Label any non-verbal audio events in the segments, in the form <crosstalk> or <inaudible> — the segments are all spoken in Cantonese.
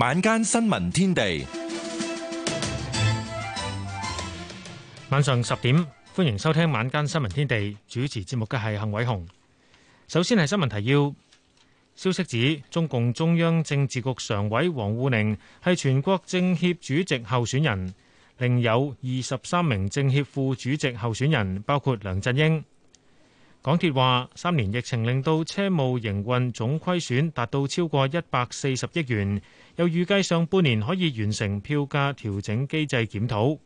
晚間新聞天地，晚上十點，歡迎收聽晚間新聞天地。主持節目嘅係幸偉雄。首先係新聞提要，消息指中共中央政治局常委王滬寧係全國政協主席候選人，另有二十三名政協副主席候選人，包括梁振英。港鐵話：三年疫情令到車務營運總虧損達到超過一百四十億元，又預計上半年可以完成票價調整機制檢討。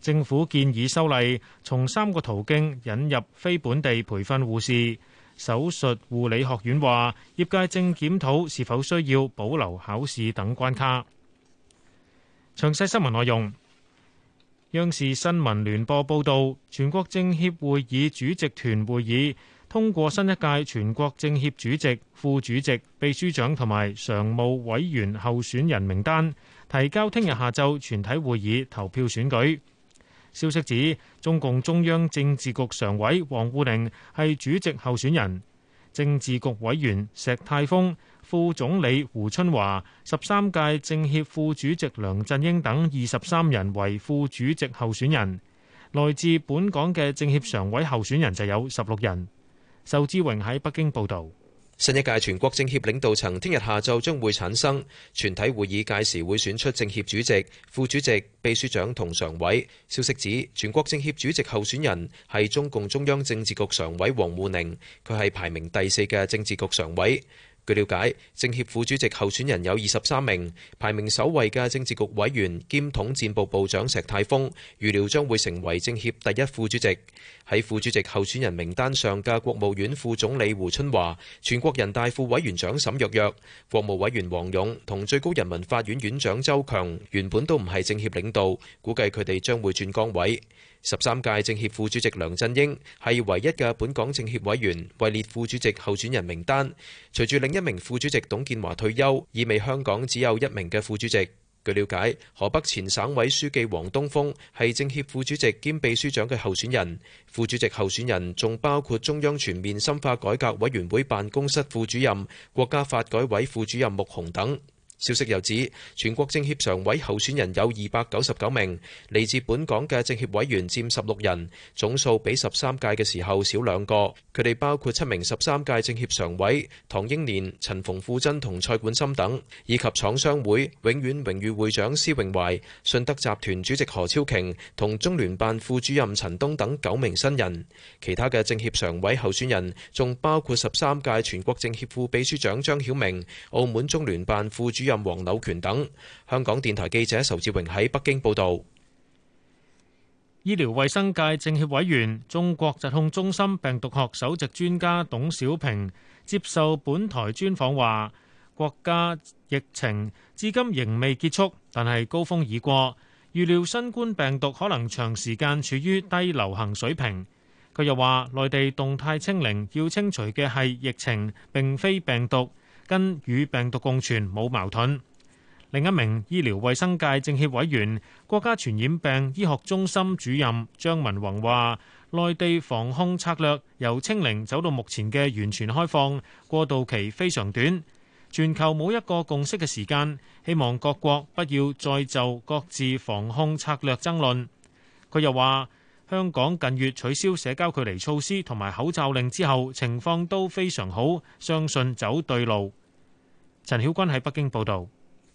政府建議修例，從三個途徑引入非本地培訓護士。手術護理學院話，業界正檢討是否需要保留考試等關卡。詳細新聞內容。央視新聞聯播報道，全國政協會議主席團會議通過新一屆全國政協主席、副主席、秘書長同埋常務委員候選人名單，提交聽日下晝全體會議投票選舉。消息指，中共中央政治局常委王滬寧係主席候選人。政治局委員石泰峰、副總理胡春華、十三屆政協副主席梁振英等二十三人為副主席候選人，來自本港嘅政協常委候選人就有十六人。仇志榮喺北京報道。新一屆全國政協領導層聽日下晝將會產生，全體會議屆時會選出政協主席、副主席、秘書長同常委。消息指，全國政協主席候選人係中共中央政治局常委王滬寧，佢係排名第四嘅政治局常委。據了解，政協副主席候選人有二十三名，排名首位嘅政治局委員兼統戰部部長石泰峰，預料將會成為政協第一副主席。喺副主席候選人名單上嘅國務院副總理胡春華、全國人大副委員長沈躍躍、國務委員王勇同最高人民法院院長周強，原本都唔係政協領導，估計佢哋將會轉崗位。十三屆政協副主席梁振英係唯一嘅本港政協委員，位列副主席候選人名單。隨住另一名副主席董建華退休，意味香港只有一名嘅副主席。據了解，河北前省委書記王東峰係政協副主席兼秘書長嘅候選人。副主席候選人仲包括中央全面深化改革委員會辦公室副主任、國家發改委副主任穆虹等。消息又指，全國政協常委候選人有二百九十九名，嚟自本港嘅政協委員佔十六人，總數比十三屆嘅時候少兩個。佢哋包括七名十三屆政協常委唐英年、陳馮富珍同蔡冠深等，以及廠商會永遠榮譽會長施榮懷、信德集團主席何超瓊同中聯辦副主任陳東等九名新人。其他嘅政協常委候選人仲包括十三屆全國政協副秘書長張曉明、澳門中聯辦副主任。任黃柳權等，香港電台記者仇志榮喺北京報道。醫療衛生界政協委員、中國疾控中心病毒學首席專家董小平接受本台專訪話，國家疫情至今仍未結束，但係高峰已過，預料新冠病毒可能長時間處於低流行水平。佢又話，內地動態清零要清除嘅係疫情，並非病毒。跟與病毒共存冇矛盾。另一名醫療衛生界政協委員、國家傳染病醫學中心主任張文宏話，內地防控策略由清零走到目前嘅完全開放過渡期非常短，全球冇一個共識嘅時間，希望各國不要再就各自防控策略爭論。佢又話，香港近月取消社交距離措施同埋口罩令之後，情況都非常好，相信走對路。陳曉君喺北京報道，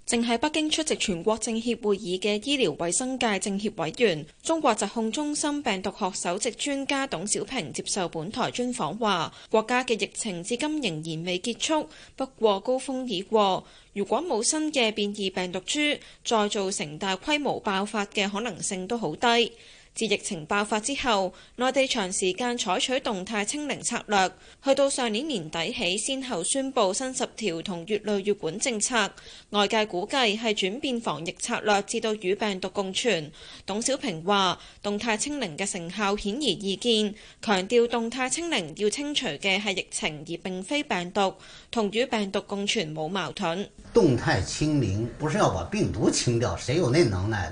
正喺北京出席全國政協會議嘅醫療衛生界政協委員、中國疾控中心病毒學首席專家董小平接受本台專訪話：國家嘅疫情至今仍然未結束，不過高峰已過，如果冇新嘅變異病毒株，再造成大規模爆發嘅可能性都好低。自疫情爆發之後，內地長時間採取動態清零策略，去到上年年底起，先後宣布新十條同乙類乙管政策。外界估計係轉變防疫策略，至到與病毒共存。董小平話：動態清零嘅成效顯而易見，強調動態清零要清除嘅係疫情，而並非病毒，同與病毒共存冇矛盾。動態清零不是要把病毒清掉，誰有那能耐？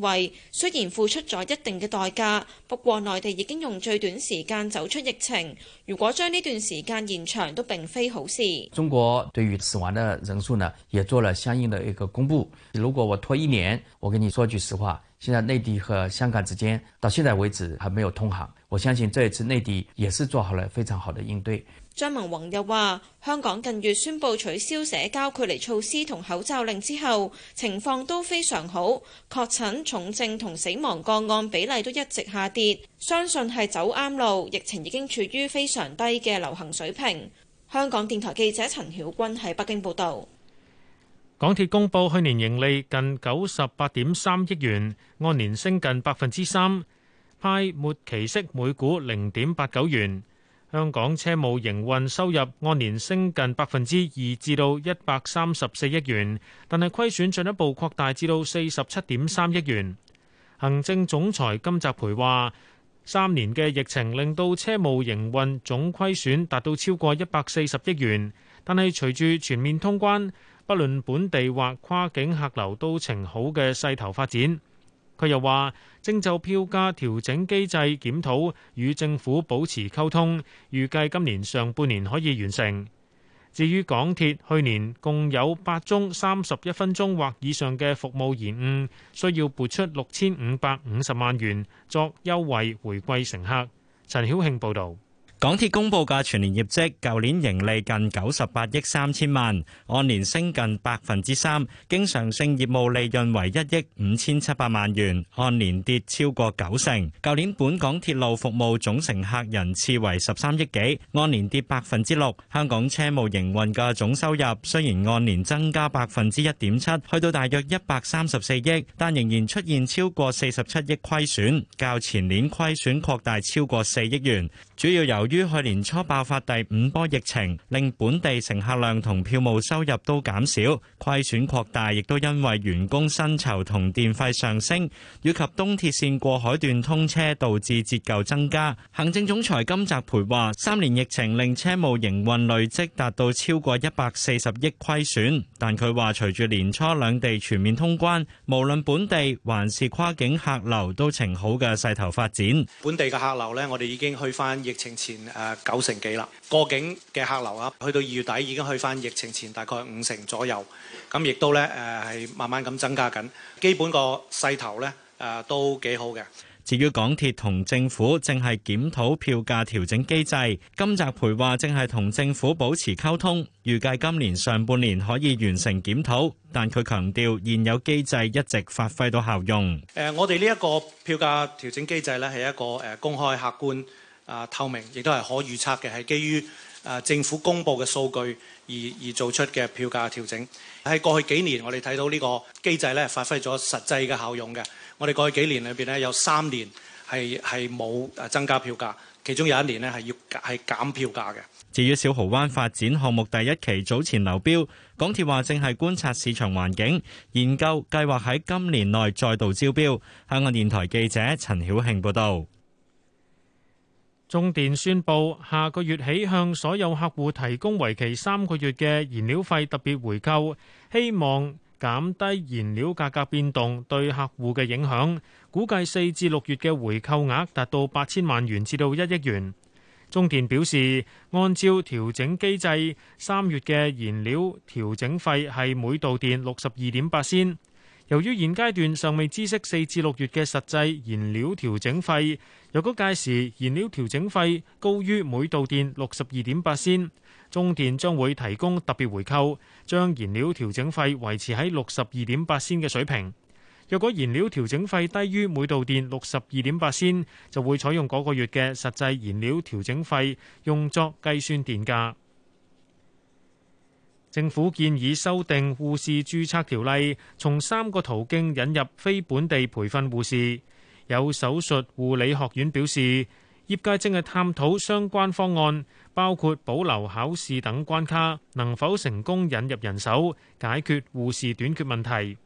為雖然付出咗一定嘅代價，不過內地已經用最短時間走出疫情。如果將呢段時間延長，都並非好事。中國對於死亡的人數呢，也做了相應的一個公布。如果我拖一年，我跟你說句實話，現在內地和香港之間到現在為止還沒有通航。我相信這一次內地也是做好了非常好的應對。張文宏又話：香港近月宣布取消社交距離措施同口罩令之後，情況都非常好，確診、重症同死亡個案比例都一直下跌，相信係走啱路，疫情已經處於非常低嘅流行水平。香港電台記者陳曉君喺北京報道。港鐵公布去年盈利近九十八點三億元，按年升近百分之三，派末期息每股零點八九元。香港車務營運收入按年升近百分之二，至到一百三十四億元，但係虧損進一步擴大至到四十七點三億元。行政總裁金澤培話：三年嘅疫情令到車務營運總虧損達到超過一百四十億元，但係隨住全面通關，不論本地或跨境客流都呈好嘅勢頭發展。佢又話：正就票價調整機制檢討，與政府保持溝通，預計今年上半年可以完成。至於港鐵，去年共有八宗三十一分鐘或以上嘅服務延誤，需要撥出六千五百五十萬元作優惠回饋乘客。陳曉慶報導。港鐵公佈嘅全年業績，舊年盈利近九十八億三千萬，按年升近百分之三。經常性業務利潤為一億五千七百萬元，按年跌超過九成。舊年本港鐵路服務總乘客人次為十三億幾，按年跌百分之六。香港車務營運嘅總收入雖然按年增加百分之一點七，去到大約一百三十四億，但仍然出現超過四十七億虧損，較前年虧損擴大超過四億元，主要由於去年初爆發第五波疫情，令本地乘客量同票務收入都減少，虧損擴大，亦都因為員工薪酬同電費上升，以及東鐵線過海段通車導致折舊增加。行政總裁金澤培話，三年疫情令車務營運累積達到超過一百四十億虧損。但佢話，隨住年初兩地全面通關，無論本地還是跨境客流都呈好嘅勢頭發展。本地嘅客流呢，我哋已經去翻疫情前。誒九成幾啦，過境嘅客流啊，去到二月底已經去返疫情前大概五成左右，咁亦都咧誒係慢慢咁增加緊，基本個勢頭咧誒都幾好嘅。至於港鐵同政府正係檢討票價調整機制，金澤培話正係同政府保持溝通，預計今年上半年可以完成檢討，但佢強調現有機制一直發揮到效用。誒，我哋呢一個票價調整機制咧係一個誒公開客觀。啊，透明亦都係可預測嘅，係基於啊政府公布嘅數據而而做出嘅票價調整。喺過去幾年，我哋睇到呢個機制咧，發揮咗實際嘅效用嘅。我哋過去幾年裏邊咧，有三年係係冇增加票價，其中有一年咧係要係減票價嘅。至於小濠灣發展項目第一期早前流標，港鐵話正係觀察市場環境，研究計劃喺今年內再度招標。香港電台記者陳曉慶報道。中電宣布，下個月起向所有客戶提供為期三個月嘅燃料費特別回扣，希望減低燃料價格變動對客戶嘅影響。估計四至六月嘅回扣額達到八千萬元至到一億元。中電表示，按照調整機制，三月嘅燃料調整費係每度電六十二點八仙。由於現階段尚未知悉四至六月嘅實際燃料調整費，若果屆時燃料調整費高於每度電六十二點八仙，中電將會提供特別回扣，將燃料調整費維持喺六十二點八仙嘅水平。若果燃料調整費低於每度電六十二點八仙，就會採用嗰個月嘅實際燃料調整費用作計算電價。政府建議修訂護士註冊條例，從三個途徑引入非本地培訓護士。有手術護理學院表示，業界正係探討相關方案，包括保留考試等關卡，能否成功引入人手，解決護士短缺問題。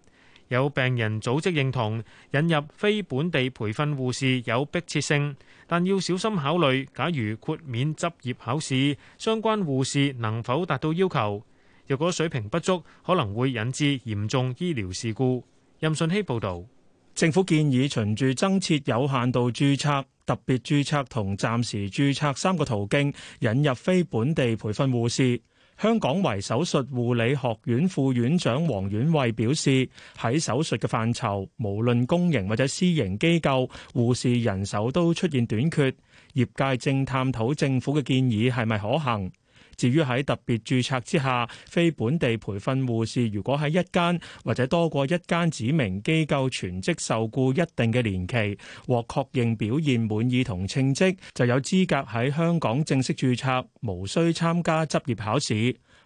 有病人組織認同引入非本地培訓護士有迫切性，但要小心考慮，假如豁免執業考試，相關護士能否達到要求？若果水平不足，可能會引致嚴重醫療事故。任信希報導，政府建議循住增設有限度註冊、特別註冊同暫時註冊三個途徑，引入非本地培訓護士。香港為手術護理學院副院長黃婉惠表示，喺手術嘅範疇，無論公營或者私營機構，護士人手都出現短缺，業界正探討政府嘅建議係咪可行。至於喺特別註冊之下，非本地培訓護士，如果喺一間或者多過一間指明機構全職受雇一定嘅年期，獲確認表現滿意同稱職，就有資格喺香港正式註冊，無需參加執業考試。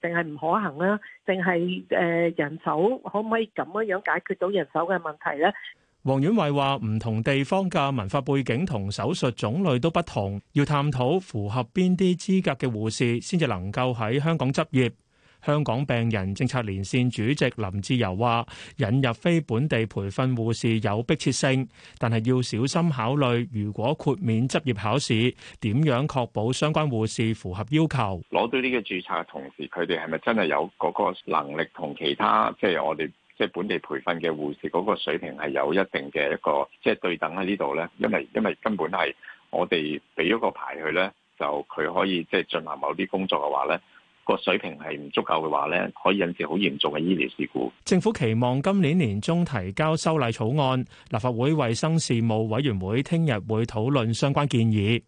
定係唔可行啦，定係誒人手可唔可以咁，樣樣解決到人手嘅問題呢？黃婉慧話：唔同地方嘅文化背景同手術種類都不同，要探討符合邊啲資格嘅護士先至能夠喺香港執業。香港病人政策連線主席林志由話，引入非本地培訓護士有迫切性，但係要小心考慮，如果豁免執業考試點樣確保相關護士符合要求？攞到呢個注冊嘅同時，佢哋係咪真係有嗰個能力同其他即係、就是、我哋即係本地培訓嘅護士嗰個水平係有一定嘅一個即係、就是、對等喺呢度咧？因為因為根本係我哋俾咗個牌佢咧，就佢可以即係進行某啲工作嘅話咧。個水平係唔足夠嘅話呢，可以引致好嚴重嘅醫療事故。政府期望今年年中提交修例草案，立法會衛生事務委員會聽日會討論相關建議。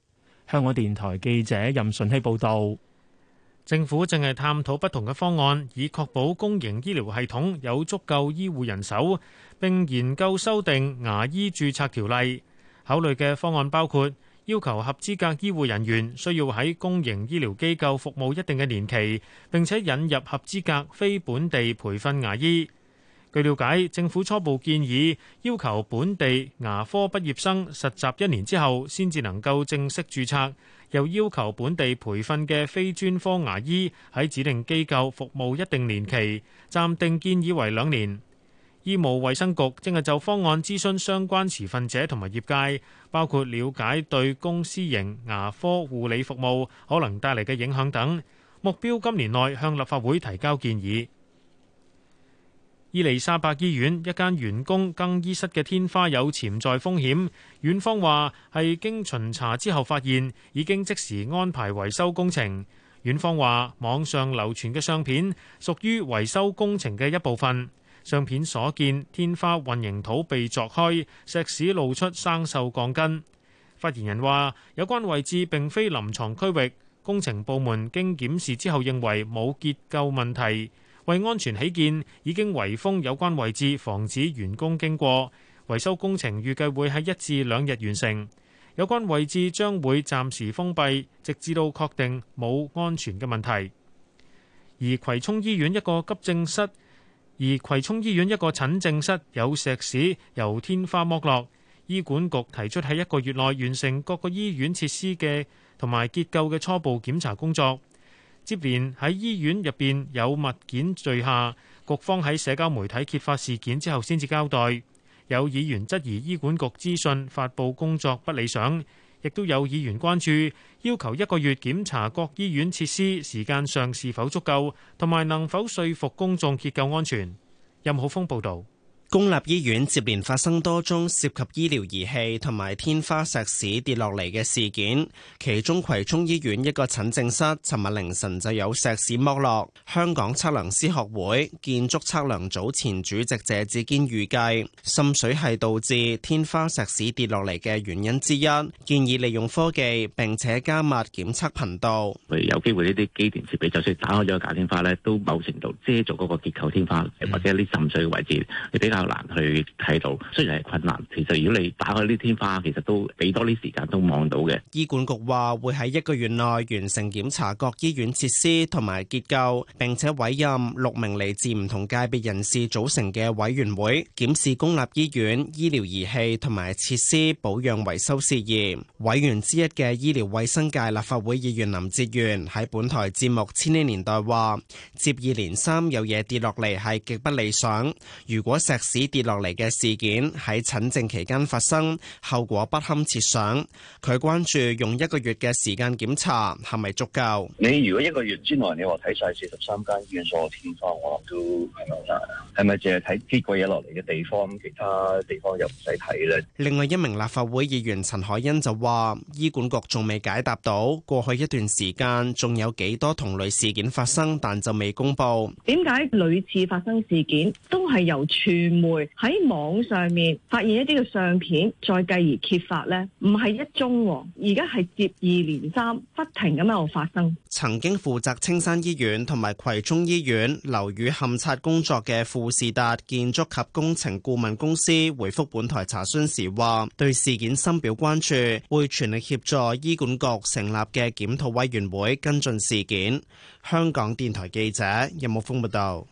香港電台記者任順熙報道，政府正係探討不同嘅方案，以確保公營醫療系統有足夠醫護人手，並研究修訂牙醫註冊條例。考慮嘅方案包括。要求合資格醫護人員需要喺公營醫療機構服務一定嘅年期，並且引入合資格非本地培訓牙醫。據了解，政府初步建議要求本地牙科畢業生實習一年之後，先至能夠正式註冊，又要求本地培訓嘅非專科牙醫喺指定機構服務一定年期，暫定建議為兩年。醫務衛生局正係就方案諮詢相關持份者同埋業界，包括了解對公私型牙科護理服務可能帶嚟嘅影響等目標，今年內向立法會提交建議。伊利沙伯醫院一間員工更衣室嘅天花有潛在風險，院方話係經巡查之後發現，已經即時安排維修工程。院方話，網上流傳嘅相片屬於維修工程嘅一部分。相片所見，天花混凝土被鑿開，石屎露出生鏽鋼筋。發言人話：有關位置並非臨床區域，工程部門經檢視之後認為冇結構問題。為安全起見，已經圍封有關位置，防止員工經過。維修工程預計會喺一至兩日完成。有關位置將會暫時封閉，直至到確定冇安全嘅問題。而葵涌醫院一個急症室。而葵涌醫院一個診症室有石屎由天花剝落。醫管局提出喺一個月內完成各個醫院設施嘅同埋結構嘅初步檢查工作。接連喺醫院入邊有物件墜下，局方喺社交媒體揭發事件之後先至交代。有議員質疑醫管局資訊發布工作不理想。亦都有議員關注，要求一個月檢查各醫院設施，時間上是否足夠，同埋能否說服公眾結構安全。任浩峰報導。公立醫院接連發生多宗涉及醫療儀器同埋天花石屎跌落嚟嘅事件，其中葵涌醫院一個診症室，尋日凌晨就有石屎剝落。香港測量師學會建築測量組前主席謝志堅預計，滲水係導致天花石屎跌落嚟嘅原因之一，建議利用科技並且加密檢測頻道。有機會呢啲機電設備就算打開咗個假天花呢都某程度遮住嗰個結構天花，或者呢滲水嘅位置，較難去睇到，雖然係困難，其實如果你打開啲天花，其實都俾多啲時間都望到嘅。醫管局話會喺一個月內完成檢查各醫院設施同埋結構，並且委任六名嚟自唔同界別人士組成嘅委員會，檢視公立醫院醫療儀器同埋設施保養維修事業。委員之一嘅醫療衛生界立法會議員林哲元喺本台節目《千禧年代》話：接二連三有嘢跌落嚟係極不理想，如果石。只跌落嚟嘅事件喺診症期間發生，後果不堪設想。佢關注用一個月嘅時間檢查係咪足夠？你如果一個月之內你，你話睇晒四十三間醫院所有天花，我都係啦。係咪淨係睇呢個嘢落嚟嘅地方，其他地方又唔使睇咧？另外一名立法會議員陳海欣就話，醫管局仲未解答到過去一段時間仲有幾多同類事件發生，但就未公布。點解屢次發生事件都係由處。會喺網上面發現一啲嘅相片，再繼而揭發呢，唔係一宗，而家係接二連三，不停咁喺度發生。曾經負責青山醫院同埋葵涌醫院樓宇勘測工作嘅富士達建築及工程顧問公司回復本台查詢時話，對事件深表關注，會全力協助醫管局成立嘅檢討委員會跟進事件。香港電台記者任木峰報道。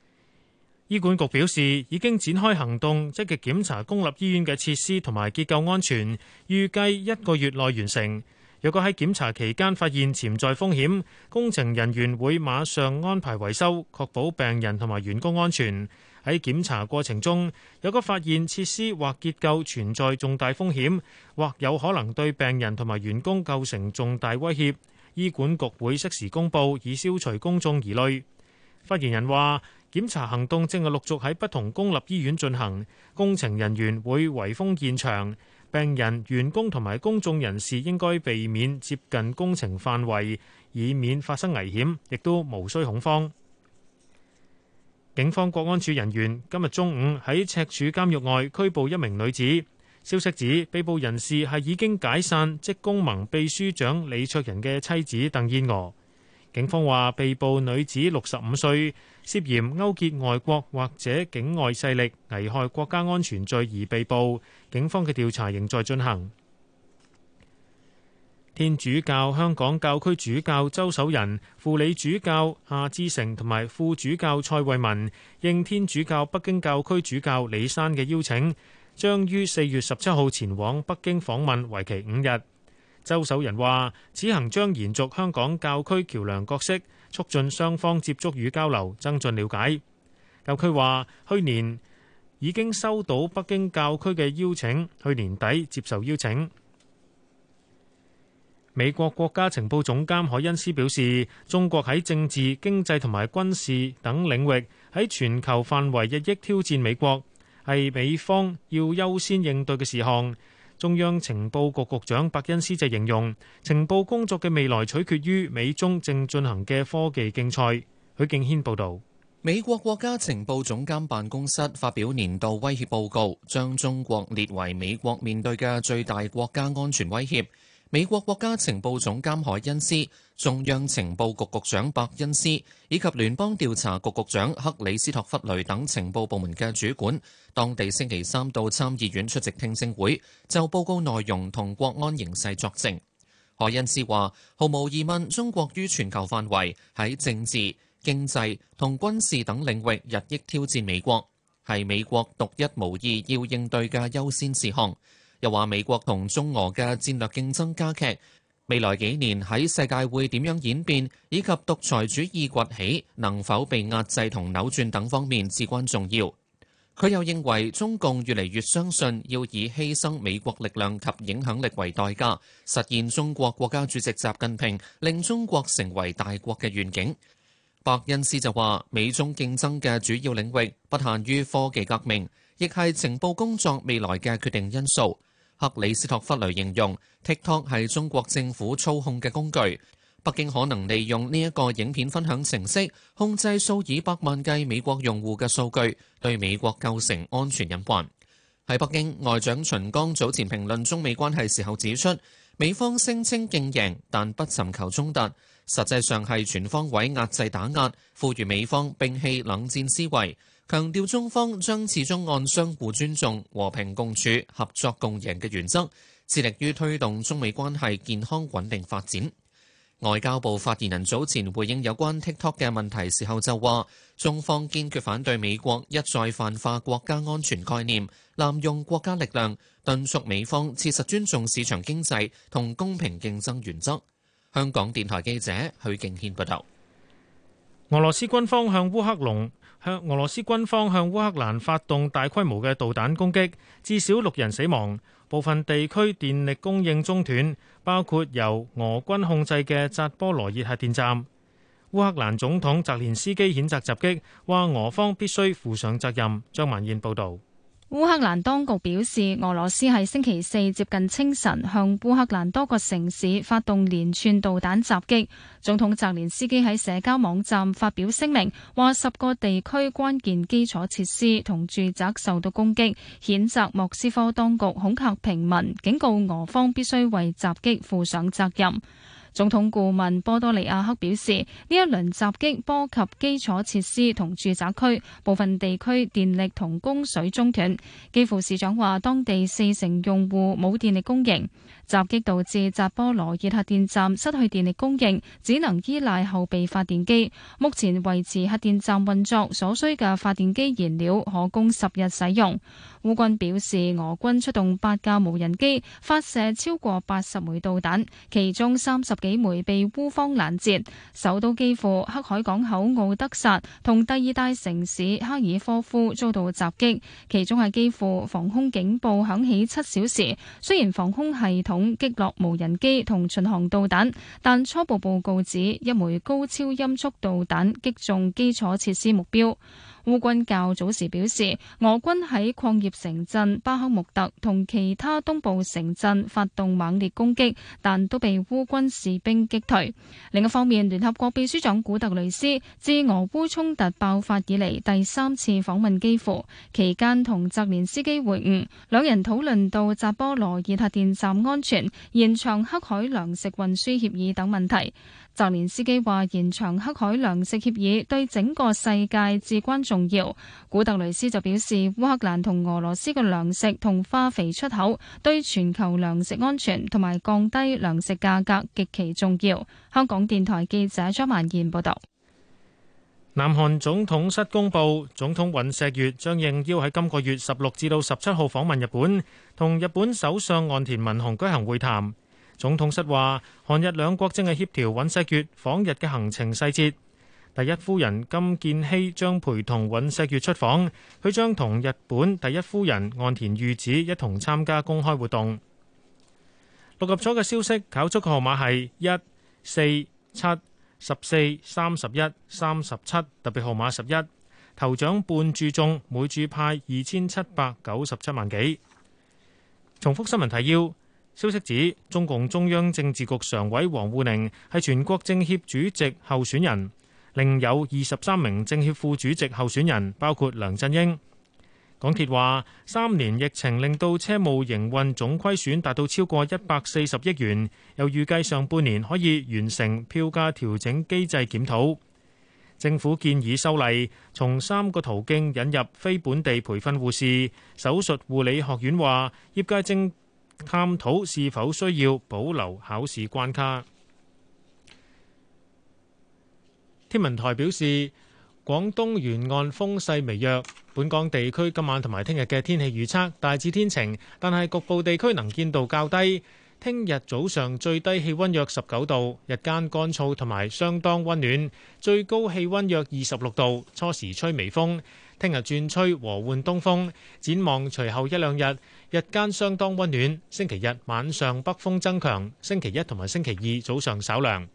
醫管局表示，已經展開行動，積極檢查公立醫院嘅設施同埋結構安全，預計一個月內完成。如果喺檢查期間發現潛在風險，工程人員會馬上安排維修，確保病人同埋員工安全。喺檢查過程中，如果發現設施或結構存在重大風險，或有可能對病人同埋員工構成重大威脅，醫管局會適時公佈，以消除公眾疑慮。發言人話。檢查行動正係陸續喺不同公立醫院進行，工程人員會圍封現場，病人、員工同埋公眾人士應該避免接近工程範圍，以免發生危險，亦都無需恐慌。警方、國安處人員今日中午喺赤柱監獄外拘捕一名女子，消息指被捕人士係已經解散職工盟秘書長李卓人嘅妻子鄧燕娥。警方話，被捕女子六十五歲，涉嫌勾結外國或者境外勢力，危害國家安全罪而被捕。警方嘅調查仍在進行。天主教香港教區主教周守仁、輔理主教夏志誠同埋副主教蔡惠民，應天主教北京教區主教李山嘅邀請，將於四月十七號前往北京訪問，為期五日。周守仁話：此行將延續香港教區橋梁角色，促進雙方接觸與交流，增進了解。教區話：去年已經收到北京教區嘅邀請，去年底接受邀請。美國國家情報總監海恩斯表示：中國喺政治、經濟同埋軍事等領域喺全球範圍日益挑戰美國，係美方要優先應對嘅事項。中央情報局局長伯恩斯就形容，情報工作嘅未來取決於美中正進行嘅科技競賽。許敬軒報導，美國國家情報總監辦公室發表年度威脅報告，將中國列為美國面對嘅最大國家安全威脅。美國國家情報總監海恩斯、中央情報局局長伯恩斯以及聯邦調查局局長克里斯托弗雷等情報部門嘅主管，當地星期三到參議院出席聽證會，就報告內容同國安形勢作證。海恩斯話：毫無疑問，中國於全球範圍喺政治、經濟同軍事等領域日益挑戰美國，係美國獨一無二要應對嘅優先事項。又話美國同中俄嘅戰略競爭加劇，未來幾年喺世界會點樣演變，以及獨裁主義崛起能否被壓制同扭轉等方面至關重要。佢又認為中共越嚟越相信要以犧牲美國力量及影響力為代價，實現中國國家主席習近平，令中國成為大國嘅願景。伯恩斯就話：美中競爭嘅主要領域不限於科技革命，亦係情報工作未來嘅決定因素。克里斯托弗雷形容 TikTok 係中國政府操控嘅工具，北京可能利用呢一個影片分享程式控制數以百萬計美國用戶嘅數據，對美國構成安全隱患。喺北京，外長秦剛早前評論中美關係時候指出，美方聲稱競贏但不尋求衝突，實際上係全方位壓制打壓，呼籲美方摒棄冷戰思維。強調中方將始終按相互尊重、和平共處、合作共贏嘅原則，致力於推動中美關係健康穩定發展。外交部發言人早前回應有關 TikTok 嘅問題時候就話，中方堅決反對美國一再泛化國家安全概念，濫用國家力量，敦促美方切實尊重市場經濟同公平競爭原則。香港電台記者許敬軒報道。俄羅斯軍方向烏克隆。向俄羅斯軍方向烏克蘭發動大規模嘅導彈攻擊，至少六人死亡，部分地區電力供應中斷，包括由俄軍控制嘅扎波羅熱核電站。烏克蘭總統澤連斯基譴責襲擊，話俄方必須負上責任。張文燕報道。烏克蘭當局表示，俄羅斯喺星期四接近清晨向烏克蘭多個城市發動連串導彈襲擊。總統澤連斯基喺社交網站發表聲明，話十個地區關鍵基礎設施同住宅受到攻擊，譴責莫斯科當局恐嚇平民，警告俄方必須為襲擊負上責任。總統顧問波多利亞克表示，呢一輪襲擊波及基礎設施同住宅區，部分地區電力同供水中斷。基輔市長話，當地四成用戶冇電力供應。襲擊導致扎波羅熱核電站失去電力供應，只能依賴後備發電機。目前維持核電站運作所需嘅發電機燃料可供十日使用。烏軍表示，俄軍出動八架無人機，發射超過八十枚導彈，其中三十幾枚被烏方攔截。首都基輔、黑海港口敖德薩同第二大城市哈爾科夫遭到襲擊，其中喺基輔防空警報響起七小時。雖然防空系統，擊落無人機同巡航導彈，但初步報告指一枚高超音速導彈擊中基礎設施目標。烏軍較早時表示，俄軍喺礦業城鎮巴克穆特同其他東部城鎮發動猛烈攻擊，但都被烏軍士兵擊退。另一方面，聯合國秘書長古特雷斯自俄烏衝突爆發以嚟第三次訪問基輔，期間同澤連斯基會晤，兩人討論到扎波羅熱核電站安全、延長黑海糧食運輸協議等問題。澤連斯基話，延長黑海糧食協議對整個世界至關重要。古特雷斯就表示，烏克蘭同俄羅斯嘅糧食同化肥出口對全球糧食安全同埋降低糧食價格極其重要。香港電台記者張萬燕報道。南韓總統室公布，總統尹錫悅將應邀喺今個月十六至到十七號訪問日本，同日本首相岸田文雄舉行會談。總統室話，韓日兩國正係協調尹錫悦訪日嘅行程細節。第一夫人金建熙將陪同尹錫悦出訪，佢將同日本第一夫人岸田裕子一同參加公開活動。六合彩嘅消息，搞出個號碼係一四七十四三十一三十七，特別號碼十一頭獎半注中，每注派二千七百九十七萬幾。重複新聞提要。消息指，中共中央政治局常委王滬寧係全國政協主席候選人，另有二十三名政協副主席候選人，包括梁振英。港鐵話，三年疫情令到車務營運總虧損達到超過一百四十億元，又預計上半年可以完成票價調整機制檢討。政府建議修例，從三個途徑引入非本地培訓護士。手術護理學院話，業界正。探討是否需要保留考試關卡。天文台表示，廣東沿岸風勢微弱，本港地區今晚同埋聽日嘅天氣預測大致天晴，但係局部地區能見度較低。聽日早上最低氣温約十九度，日間乾燥同埋相當温暖，最高氣温約二十六度，初時吹微風。聽日轉吹和緩東風，展望隨後一兩日日間相當溫暖。星期日晚上北風增強，星期一同埋星期二早上稍涼。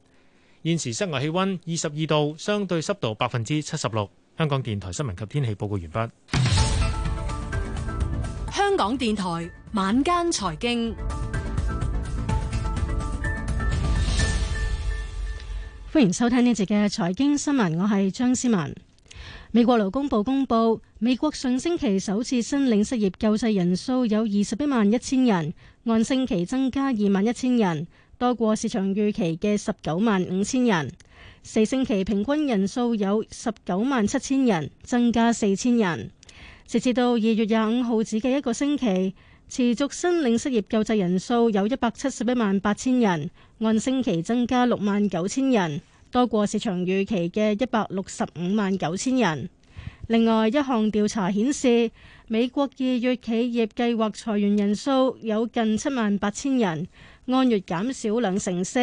現時室外氣溫二十二度，相對濕度百分之七十六。香港電台新聞及天氣報告完畢。香港電台晚間財經，歡迎收聽呢節嘅財經新聞，我係張思文。美國勞工部公布，美國上星期首次申領失業救濟人數有二十一萬一千人，按星期增加二萬一千人，多過市場預期嘅十九萬五千人。四星期平均人數有十九萬七千人，增加四千人。直至到二月廿五號止嘅一個星期，持續申領失業救濟人數有一百七十一萬八千人，按星期增加六萬九千人。多過市場預期嘅一百六十五萬九千人。另外，一項調查顯示，美國二月企業計劃裁員人數有近七萬八千人，按月減少兩成四，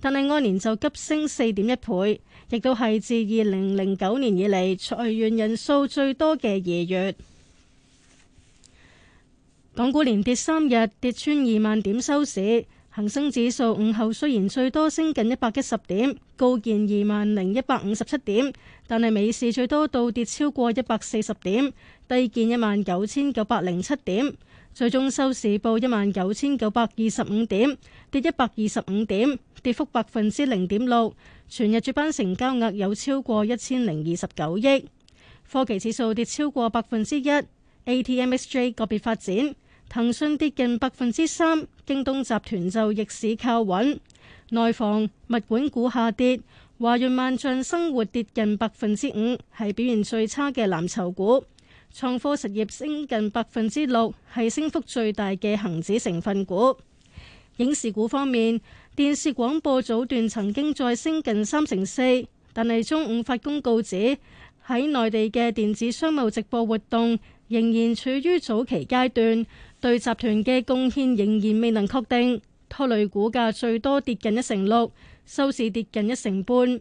但係按年就急升四點一倍，亦都係自二零零九年以嚟裁員人數最多嘅二月。港股連跌三日，跌穿二萬點收市。恒生指數午後雖然最多升近一百一十點，高見二萬零一百五十七點，但係尾市最多倒跌超過一百四十點，低見一萬九千九百零七點，最終收市報一萬九千九百二十五點，跌一百二十五點，跌幅百分之零點六。全日主板成交額有超過一千零二十九億。科技指數跌超過百分之一。ATMXJ 個別發展。騰訊跌近百分之三，京東集團就逆市靠穩。內房、物管股下跌，華潤萬象生活跌近百分之五，係表現最差嘅藍籌股。創科實業升近百分之六，係升幅最大嘅恒指成分股。影視股方面，電視廣播早段曾經再升近三成四，但係中午發公告指，喺內地嘅電子商務直播活動仍然處於早期階段。對集團嘅貢獻仍然未能確定，拖累股價最多跌近一成六，收市跌近一成半。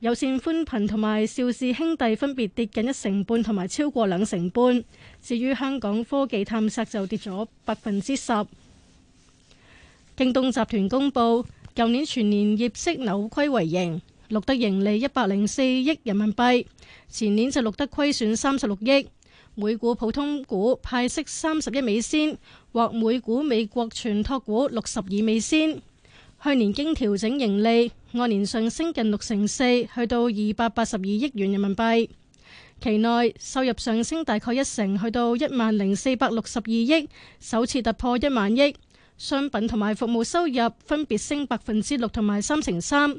有綫寬頻同埋邵氏兄弟分別跌近一成半同埋超過兩成半。至於香港科技探索，就跌咗百分之十。京東集團公佈，舊年全年業績扭虧為盈，錄得盈利一百零四億人民幣，前年就錄得虧損三十六億。每股普通股派息三十一美仙，或每股美國存託股六十二美仙。去年經調整盈利按年上升近六成四，去到二百八十二億元人民幣。期內收入上升大概一成，去到一萬零四百六十二億，首次突破一萬億。商品同埋服務收入分別升百分之六同埋三成三。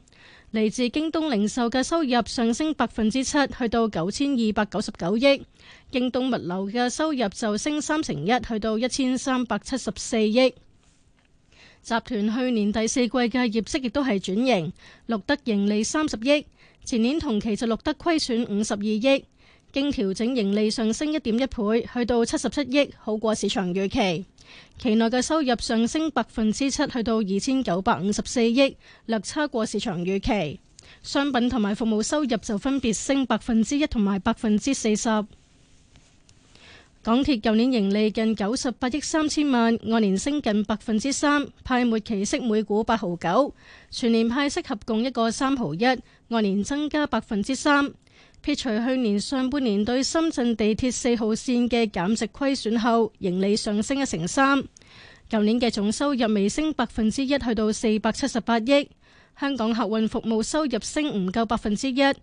嚟自京東零售嘅收入上升百分之七，去到九千二百九十九億；京東物流嘅收入就升三成一，去到一千三百七十四億。集團去年第四季嘅業績亦都係轉型，錄得盈利三十億，前年同期就錄得虧損五十二億，經調整盈利上升一點一倍，去到七十七億，好過市場預期。期內嘅收入上升百分之七，去到二千九百五十四億，略差過市場預期。商品同埋服務收入就分別升百分之一同埋百分之四十。港鐵舊年盈利近九十八億三千萬，按年升近百分之三，派末期息每股八毫九，全年派息合共一個三毫一，按年增加百分之三。撇除去年上半年對深圳地鐵四號線嘅減值虧損後，盈利上升一成三。舊年嘅總收入微升百分之一，去到四百七十八億。香港客運服務收入升唔夠百分之一，虧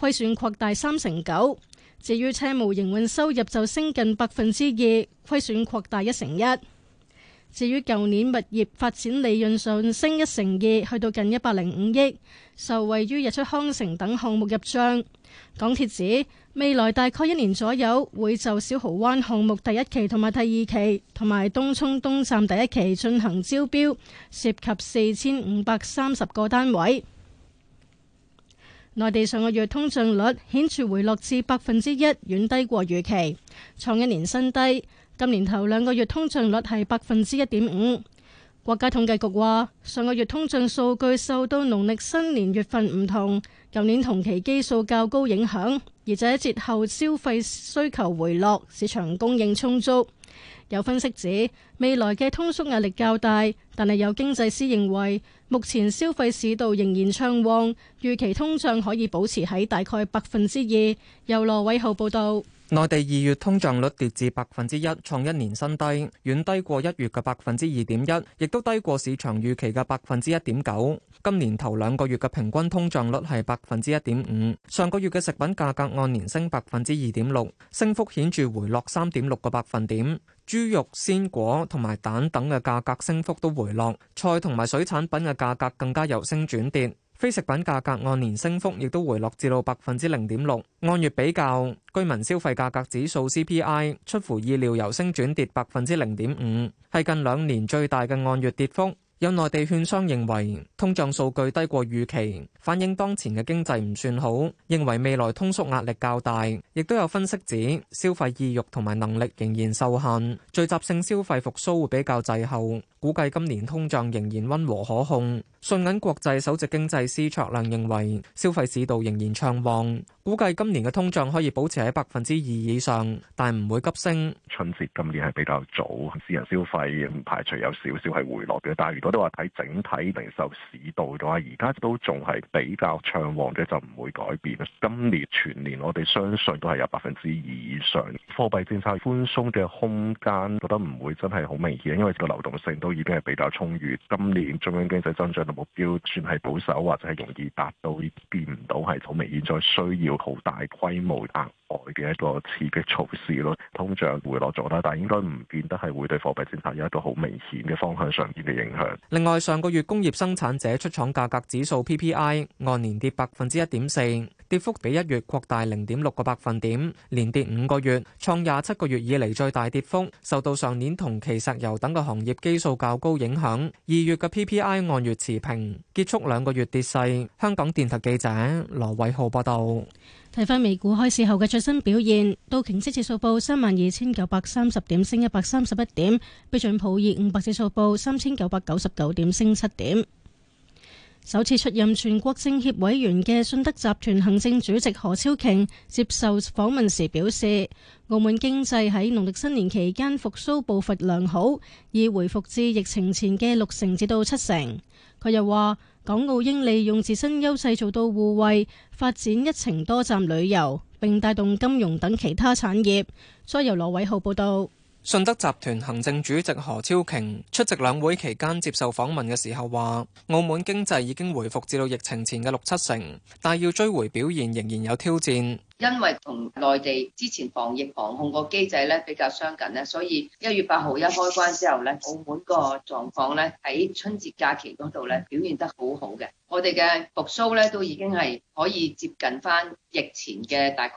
損擴大三成九。至於車務營運收入就升近百分之二，虧損擴大一成一。至於舊年物業發展利潤上升一成二，去到近一百零五億，受惠於日出康城等項目入賬。港鐵指未來大概一年左右會就小蠔灣項目第一期同埋第二期同埋東涌東站第一期進行招標，涉及四千五百三十個單位。內地上個月通脹率顯著回落至百分之一，遠低過預期，創一年新低。今年頭兩個月通脹率係百分之一點五。國家統計局話上個月通脹數據受到農曆新年月份唔同。舊年同期基數較高影響，而且節後消費需求回落，市場供應充足。有分析指未來嘅通縮壓力較大，但係有經濟師認為目前消費市道仍然暢旺，預期通脹可以保持喺大概百分之二。由羅偉浩報導。內地二月通脹率跌至百分之一，創一年新低，遠低過一月嘅百分之二點一，亦都低過市場預期嘅百分之一點九。今年頭兩個月嘅平均通脹率係百分之一點五，上個月嘅食品價格按年升百分之二點六，升幅顯著回落三點六個百分點。豬肉、鮮果同埋蛋等嘅價格升幅都回落，菜同埋水產品嘅價格更加由升轉跌。非食品價格按年升幅亦都回落至到百分之零點六，按月比較，居民消費價格指數 CPI 出乎意料由升轉跌百分之零點五，係近兩年最大嘅按月跌幅。有內地券商認為通脹數據低過預期，反映當前嘅經濟唔算好，認為未來通縮壓力較大。亦都有分析指消費意欲同埋能力仍然受限，聚集性消費復甦會比較滯後。估計今年通脹仍然溫和可控。信銀國際首席經濟師卓亮認為消費市道仍然暢旺，估計今年嘅通脹可以保持喺百分之二以上，但唔會急升。春節今年係比較早，私人消費唔排除有少少係回落嘅，大。我都話睇整體零售市道嘅話，而家都仲係比較暢旺嘅，就唔會改變。今年全年我哋相信都係有百分之二以上貨幣政策寬鬆嘅空間，覺得唔會真係好明顯，因為個流動性都已經係比較充裕。今年中央經濟增長嘅目標算係保守，或者係容易達到，變唔到係到現在需要好大規模啊 <music> 外嘅一個刺激措施咯，通脹回落咗啦，但應該唔見得係會對貨幣政策有一個好明顯嘅方向上邊嘅影響。另外，上個月工業生產者出廠價格指數 PPI 按年跌百分之一點四，跌幅比一月擴大零點六個百分點，連跌五個月，創廿七個月以嚟最大跌幅，受到上年同期石油等嘅行業基數較高影響，二月嘅 PPI 按月持平，結束兩個月跌勢。香港電台記者羅偉浩報道。睇翻美股開市後嘅最新表現，道瓊斯指數報三萬二千九百三十點，升一百三十一點；標準普爾五百指數報三千九百九十九點，升七點。首次出任全國政協委員嘅信德集團行政主席何超瓊接受訪問時表示，澳門經濟喺農曆新年期間復甦步伐良好，已回復至疫情前嘅六成至到七成。佢又話：港澳應利用自身優勢做到互惠，發展一程多站旅遊，並帶動金融等其他產業。再由羅偉浩報導。信德集團行政主席何超瓊出席兩會期間接受訪問嘅時候話，澳門經濟已經回復至到疫情前嘅六七成，但要追回表現仍然有挑戰。因為同內地之前防疫防控個機制咧，比較相近呢，所以一月八號一開關之後咧，澳門個狀況咧喺春節假期嗰度咧表現得好好嘅，我哋嘅復蘇咧都已經係可以接近翻疫前嘅大概。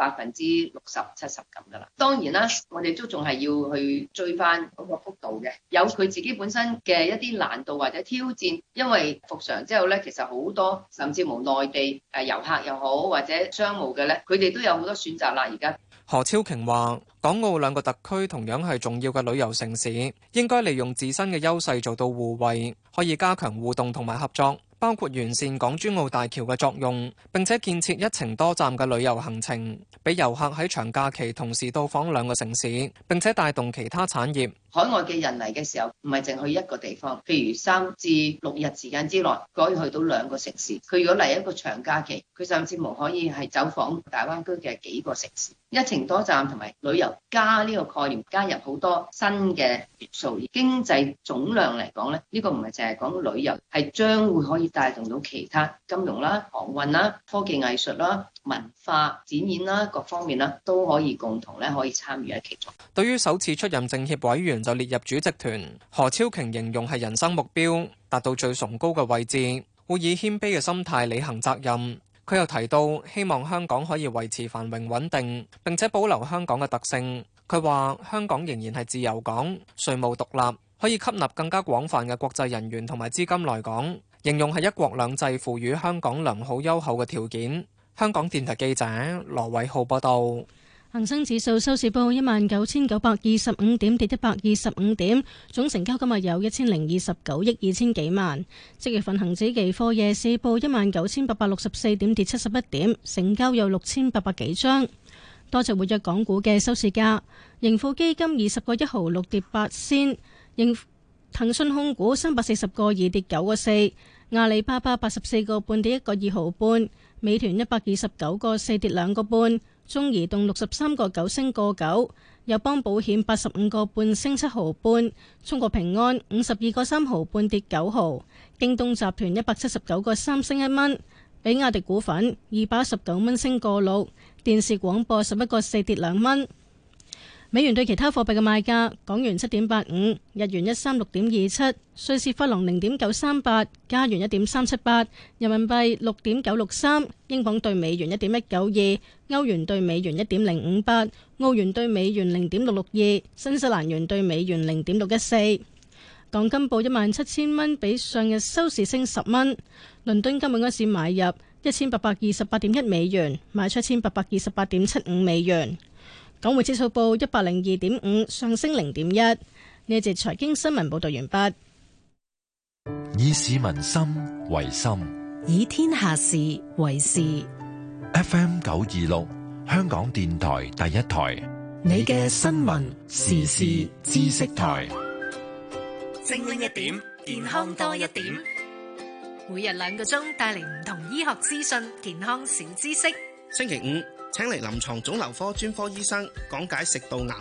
百分之六十、七十咁噶啦。當然啦，我哋都仲係要去追翻嗰個幅度嘅，有佢自己本身嘅一啲難度或者挑戰。因為復常之後咧，其實好多甚至無內地誒遊客又好，或者商務嘅咧，佢哋都有好多選擇啦。而家何超瓊話，港澳兩個特區同樣係重要嘅旅遊城市，應該利用自身嘅優勢做到互惠，可以加強互動同埋合作。包括完善港珠澳大橋嘅作用，並且建設一程多站嘅旅遊行程，俾遊客喺長假期同時到訪兩個城市，並且帶動其他產業。海外嘅人嚟嘅時候，唔係淨去一個地方，譬如三至六日時間之內可以去到兩個城市。佢如果嚟一個長假期，佢甚至無可以係走訪大灣區嘅幾個城市。一程多站同埋旅遊加呢個概念加入好多新嘅元素。經濟總量嚟講咧，呢、呢個唔係淨係講旅遊，係將會可以。帶動到其他金融啦、航運啦、科技藝術啦、文化展演啦各方面啦，都可以共同咧可以參與喺其中。對於首次出任政協委員就列入主席團，何超瓊形容係人生目標達到最崇高嘅位置，會以謙卑嘅心態履行責任。佢又提到希望香港可以維持繁榮穩定，並且保留香港嘅特性。佢話香港仍然係自由港，稅務獨立，可以吸納更加廣泛嘅國際人員同埋資金來港。形容係一國兩制賦予香港良好優厚嘅條件。香港電台記者羅偉浩報道，恒生指數收市報一萬九千九百二十五點，跌一百二十五點，總成交今日有一千零二十九億二千幾萬。即月份恒指期貨夜市報一萬九千八百六十四點，跌七十一點，成交有六千八百幾張。多隻活躍港股嘅收市價，盈富基金二十個一毫六跌八仙，盈。騰訊控股三百四十個二跌九個四，阿里巴巴八十四個半跌一個二毫半，美團一百二十九個四跌兩個半，中移動六十三個九升個九，友邦保險八十五個半升七毫半，中國平安五十二個三毫半跌九毫，京東集團一百七十九個三升一蚊，比亞迪股份二百一十九蚊升個六，電視廣播十一個四跌兩蚊。美元對其他貨幣嘅賣價：港元七點八五，日元一三六點二七，瑞士法郎零點九三八，加元一點三七八，人民幣六點九六三，英鎊對美元一點一九二，歐元對美元一點零五八，澳元對美元零點六六二，新西蘭元對美元零點六一四。港金報一萬七千蚊，比上日收市升十蚊。倫敦金本市買入一千八百二十八點一美元，賣出一千八百二十八點七五美元。港匯指數報一百零二點五，上升零點一。呢節財經新聞報道完畢。以市民心為心，以天下事為事。FM 九二六，香港電台第一台。你嘅新聞時事知識台，精靈一點，健康多一點。每日兩個鐘，帶嚟唔同醫學資訊、健康小知識。星期五。請嚟臨床腫瘤科專科醫生講解食道癌。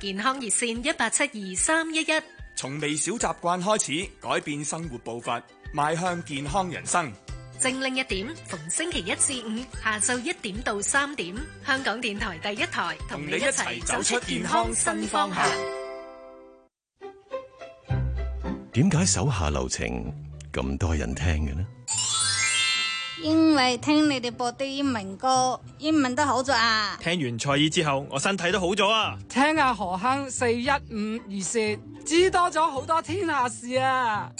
健康熱線一八七二三一一。從微小習慣開始，改變生活步伐，邁向健康人生。精靈一點，逢星期一至五下晝一點到三點，香港電台第一台同你一齊走出健康新方向。點解手下留情咁多人聽嘅呢？因為聽你哋播啲英文歌，英文都好咗啊！聽完賽爾之後，我身體都好咗啊！聽下何香四一五預說，知多咗好多天下事啊！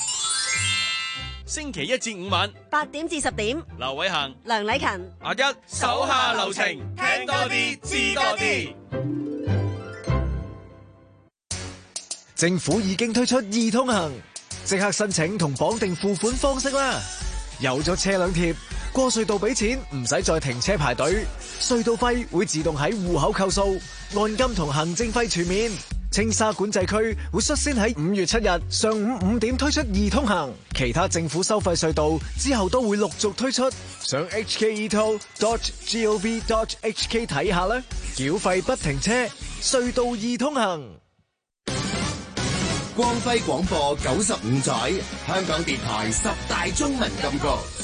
星期一至五晚八點至十點，劉偉恒、梁禮勤、阿一手下留情，聽多啲，知多啲。政府已經推出易通行，即刻申請同綁定付款方式啦！有咗車輛貼。過隧道俾錢，唔使再停車排隊。隧道費會自動喺戶口扣數，按金同行政費全面。青沙管制區會率先喺五月七日上午五點推出易通行，其他政府收費隧道之後都會陸續推出。上 hketoll.gov.hk 睇下啦，繳費不停車，隧道易通行。光輝廣播九十五載，香港電台十大中文金曲。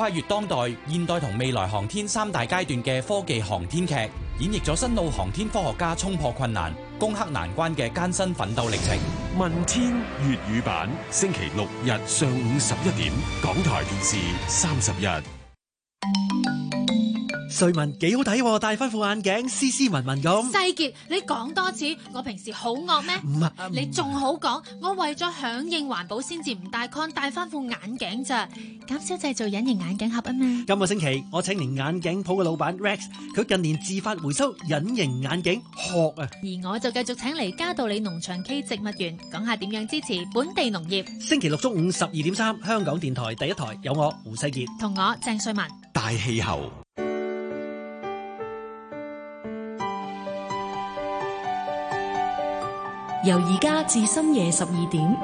跨越當代、現代同未來航天三大階段嘅科技航天劇，演繹咗新老航天科學家衝破困難、攻克難關嘅艱辛奮鬥歷程。《問天》粵語版，星期六日上午十一點，港台電視三十日。瑞文，幾好睇，戴翻副眼鏡，斯斯文文咁。世杰，你講多次，我平時好惡咩？唔係，你仲好講，我為咗響應環保，先至唔戴 con，戴翻副眼鏡咋，減少製造隱形眼鏡盒啊嘛。今個星期我請嚟眼鏡鋪嘅老闆 Rex，佢近年自發回收隱形眼鏡殼啊。而我就繼續請嚟嘉道理農場 K 植物園，講下點樣支持本地農業。星期六中午十二點三，香港電台第一台有我胡世杰，同我鄭瑞文，大氣候。由而家至深夜十二點，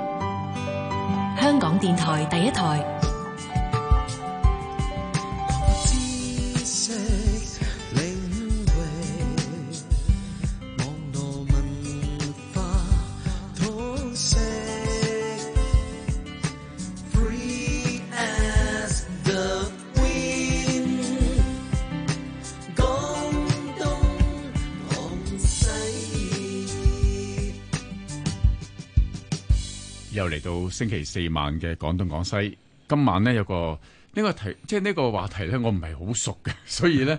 香港電台第一台。到星期四晚嘅廣東廣西，今晚咧有個呢個題，即係呢個話題咧，我唔係好熟嘅，所以咧。 <laughs>